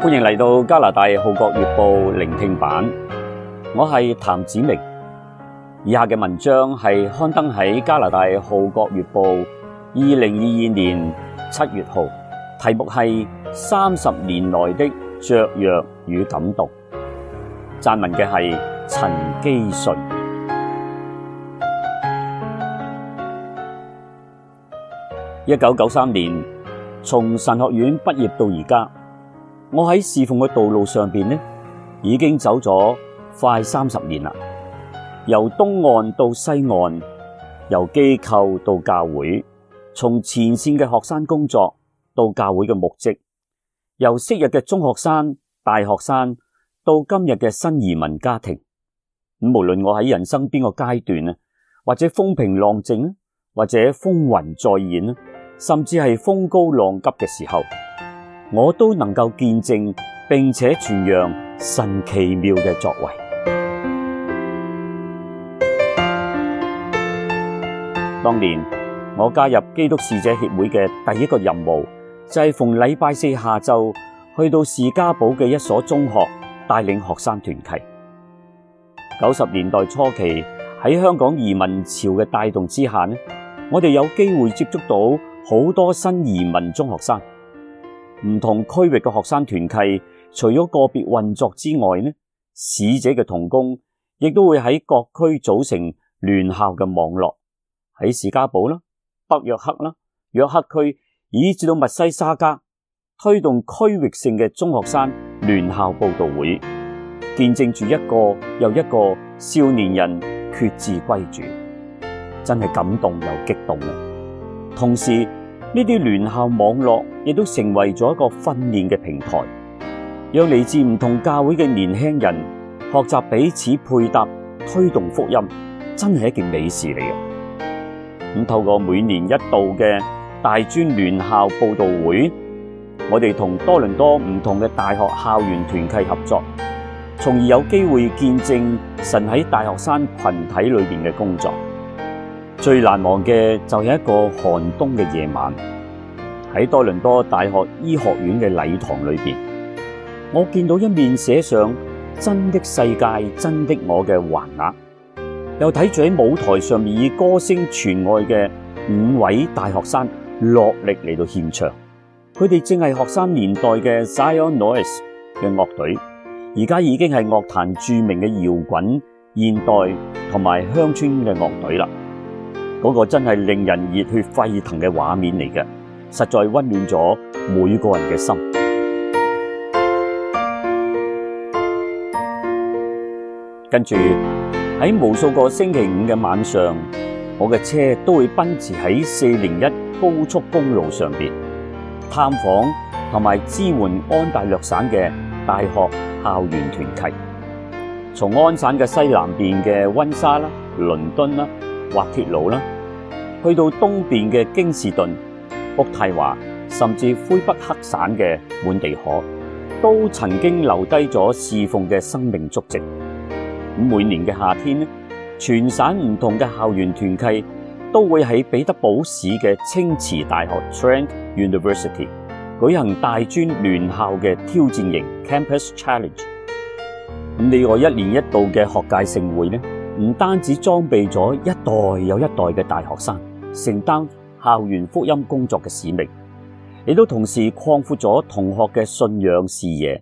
歡迎嚟到加拿大《號角月報》聆聽版，我係譚子明。以下嘅文章係刊登喺加拿大《號角月報》二零二二年七月號，題目係三十年來的雀躍與感動。撰文嘅係陳基順。一九九三年從神學院畢業到而家。我喺侍奉嘅道路上邊呢，已經走咗快三十年啦。由東岸到西岸，由機構到教會，從前線嘅學生工作到教會嘅牧職，由昔日嘅中學生、大學生到今日嘅新移民家庭。無論我喺人生邊個階段啊，或者風平浪靜，或者風雲再現，甚至係風高浪急嘅時候。我都能夠見證並且傳揚神奇妙嘅作為。當年我加入基督使者協會嘅第一個任務，就係逢禮拜四下晝去到士嘉堡嘅一所中學帶領學生團契。九十年代初期喺香港移民潮嘅帶動之下呢，我哋有機會接觸到好多新移民中學生。唔同區域嘅學生團契，除咗個別運作之外，呢，使者嘅同工亦都會喺各區組成聯校嘅網絡，喺史家堡啦、北約克啦、約克區，以至到密西沙加，推動區域性嘅中學生聯校報道會，見證住一個又一個少年人決志歸主，真係感動又激動啊！同時，呢啲聯校網絡亦都成為咗一個訓練嘅平台，讓嚟自唔同教會嘅年輕人學習彼此配搭，推動福音，真係一件美事嚟嘅。咁透過每年一度嘅大專聯校佈道會，我哋同多倫多唔同嘅大學校園團契合作，從而有機會見證神喺大學生群體裏面嘅工作。最難忘嘅就係一個寒冬嘅夜晚，喺多倫多大學醫學院嘅禮堂裏邊，我見到一面寫上“真的世界，真的我的”的橫額，又睇住喺舞台上面以歌聲傳愛嘅五位大學生落力嚟到獻唱。佢哋正係學生年代嘅 Zion Noise 嘅樂隊，而家已經係樂壇著名嘅搖滾、現代同埋鄉村嘅樂隊啦。嗰個真係令人熱血沸騰嘅畫面嚟嘅，實在温暖咗每個人嘅心。跟住，喺無數個星期五嘅晚上，我嘅車都會奔馳喺四零一高速公路上邊，探訪同埋支援安大略省嘅大學校園團契。從安省嘅西南邊嘅温莎啦、倫敦啦。滑鐵盧啦，去到東邊嘅京士頓、渥太華，甚至魁北克省嘅滿地可，都曾經留低咗侍奉嘅生命足跡。每年嘅夏天，全省唔同嘅校園團契都會喺彼得堡市嘅清池大學 Trent University） 舉行大專聯校嘅挑戰營 Campus Challenge。另外，一年一度嘅學界盛會咧？唔單止裝備咗一代又一代嘅大學生，承擔校園福音工作嘅使命，亦都同時擴闊咗同學嘅信仰視野，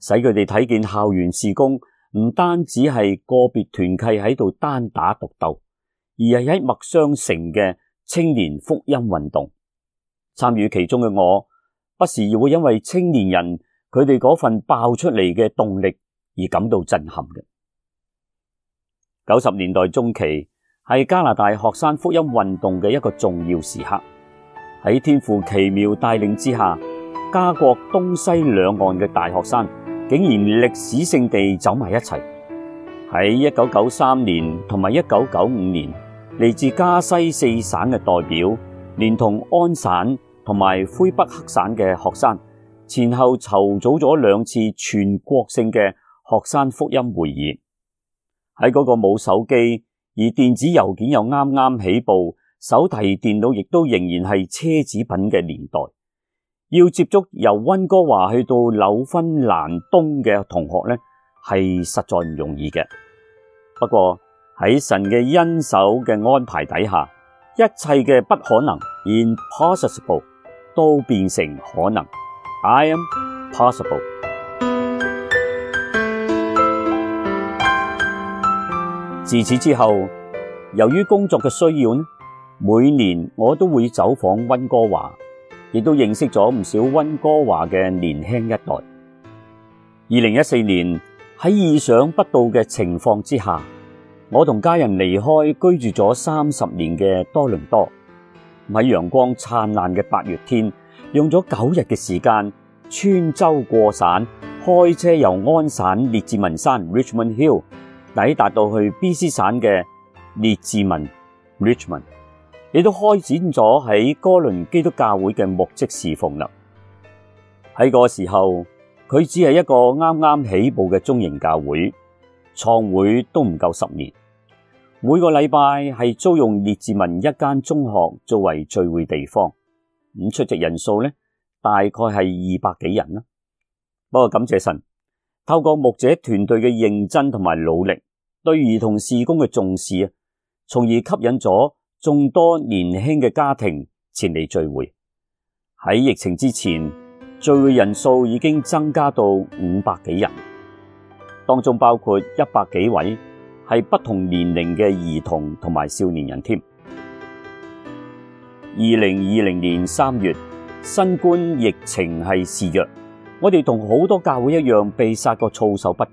使佢哋睇見校園事工唔單止係個別團契喺度單打獨鬥，而係喺默相成嘅青年福音運動，參與其中嘅我，不時要會因為青年人佢哋嗰份爆出嚟嘅動力而感到震撼嘅。九十年代中期係加拿大學生福音運動嘅一個重要時刻。喺天父奇妙帶領之下，加國東西兩岸嘅大學生竟然歷史性地走埋一齊。喺一九九三年同埋一九九五年，嚟自加西四省嘅代表，連同安省同埋魁北克省嘅學生，前後籌組咗兩次全國性嘅學生福音會議。喺嗰個冇手機而電子郵件又啱啱起步，手提電腦亦都仍然係奢侈品嘅年代，要接觸由溫哥華去到紐芬蘭東嘅同學咧，係實在唔容易嘅。不過喺神嘅恩手嘅安排底下，一切嘅不可能 impossible 都變成可能 （I am possible）。自此之後，由於工作嘅需要，每年我都會走訪溫哥華，亦都認識咗唔少溫哥華嘅年輕一代。二零一四年喺意想不到嘅情況之下，我同家人離開居住咗三十年嘅多倫多，喺陽光燦爛嘅八月天，用咗九日嘅時間穿州過省，開車由安省列治文山 Richmond Hill 抵達到去 B.C 省嘅列治文 （Richmond），亦都開展咗喺哥倫基督教會嘅牧職侍奉啦。喺個時候，佢只係一個啱啱起步嘅中型教會，創會都唔夠十年。每個禮拜係租用列治文一間中學作為聚會地方，咁出席人數咧大概係二百幾人啦。不過感謝神。透過牧者團隊嘅認真同埋努力，對兒童事工嘅重視，從而吸引咗眾多年輕嘅家庭前嚟聚會。喺疫情之前，聚會人數已經增加到五百幾人，當中包括一百幾位係不同年齡嘅兒童同埋少年人添。二零二零年三月，新冠疫情係肆虐。我哋同好多教會一樣，被殺個措手不及。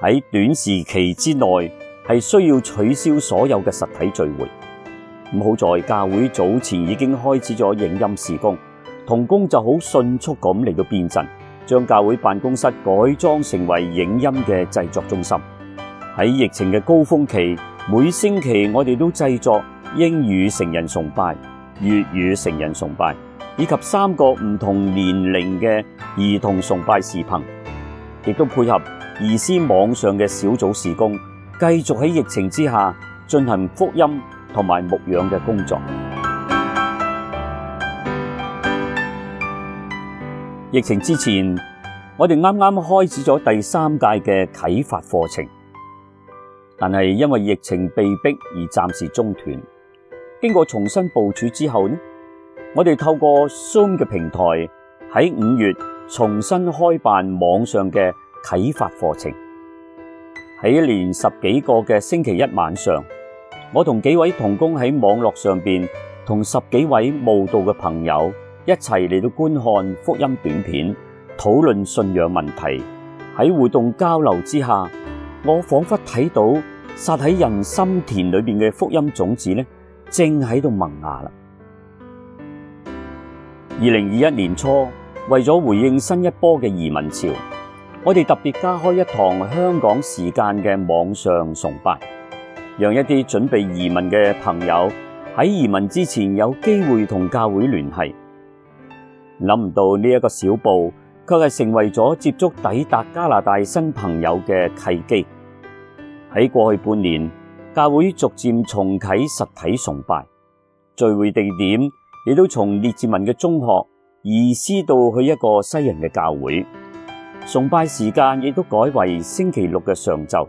喺短時期之內，係需要取消所有嘅實體聚會。好在教會早前已經開始咗影音事工，同工就好迅速咁嚟到變陣，將教會辦公室改裝成為影音嘅製作中心。喺疫情嘅高峯期，每星期我哋都製作英語成人崇拜、粵語成人崇拜。以及三個唔同年齡嘅兒童崇拜視頻，亦都配合兒絲網上嘅小組事工，繼續喺疫情之下進行福音同埋牧養嘅工作。疫情之前，我哋啱啱開始咗第三屆嘅啟發課程，但係因為疫情被逼而暫時中斷。經過重新部署之後呢？我哋透過 Zoom 嘅平台喺五月重新開辦網上嘅啟發課程，喺連十幾個嘅星期一晚上，我同幾位同工喺網絡上邊同十幾位慕道嘅朋友一齊嚟到觀看福音短片，討論信仰問題。喺互動交流之下，我仿佛睇到撒喺人心田裏邊嘅福音種子咧，正喺度萌芽啦。二零二一年初，為咗回應新一波嘅移民潮，我哋特別加開一堂香港時間嘅網上崇拜，讓一啲準備移民嘅朋友喺移民之前有機會同教會聯繫。諗唔到呢一個小步，卻係成為咗接觸抵達加拿大新朋友嘅契機。喺過去半年，教會逐漸重啟實體崇拜，聚會地點，亦都從列治文嘅中學移師到去一個西人嘅教會，崇拜時間亦都改為星期六嘅上晝。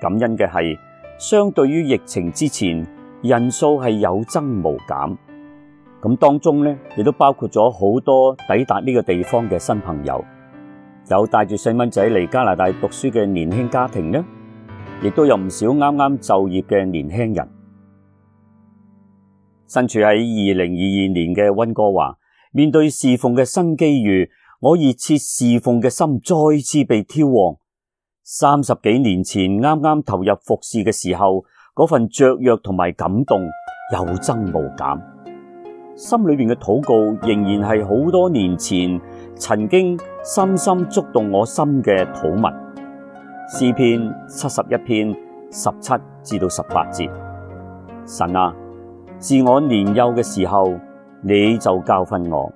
感恩嘅係，相對於疫情之前人數係有增無減。咁當中咧，亦都包括咗好多抵達呢個地方嘅新朋友，有帶住細蚊仔嚟加拿大讀書嘅年輕家庭咧，亦都有唔少啱啱就業嘅年輕人。身處喺二零二二年嘅温哥華，面對侍奉嘅新機遇，我熱切侍奉嘅心再次被挑旺。三十幾年前啱啱投入服侍嘅時候，嗰份雀躍同埋感動有增無減。心裏面嘅禱告仍然係好多年前曾經深深觸動我心嘅禱文。詩篇七十一篇十七至到十八節，神啊！自我年幼嘅時候，你就教訓我，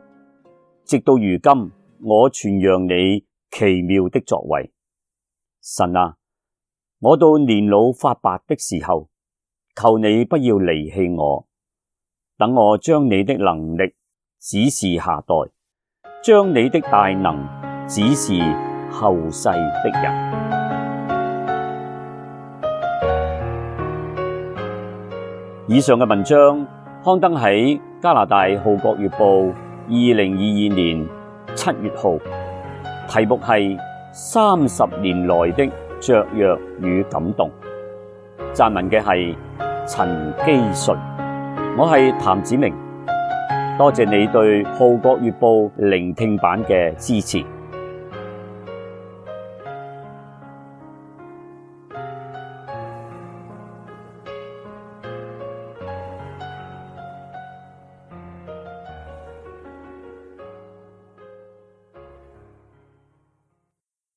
直到如今，我傳揚你奇妙的作為。神啊！我到年老發白的時候，求你不要離棄我，等我將你的能力指示下代，將你的大能指示後世的人。以上嘅文章刊登喺加拿大《浩國月報》二零二二年七月號，題目係《三十年來的雀躍與感動》，撰文嘅係陳基瑞。我係譚子明，多謝你對《浩國月報》聆聽版嘅支持。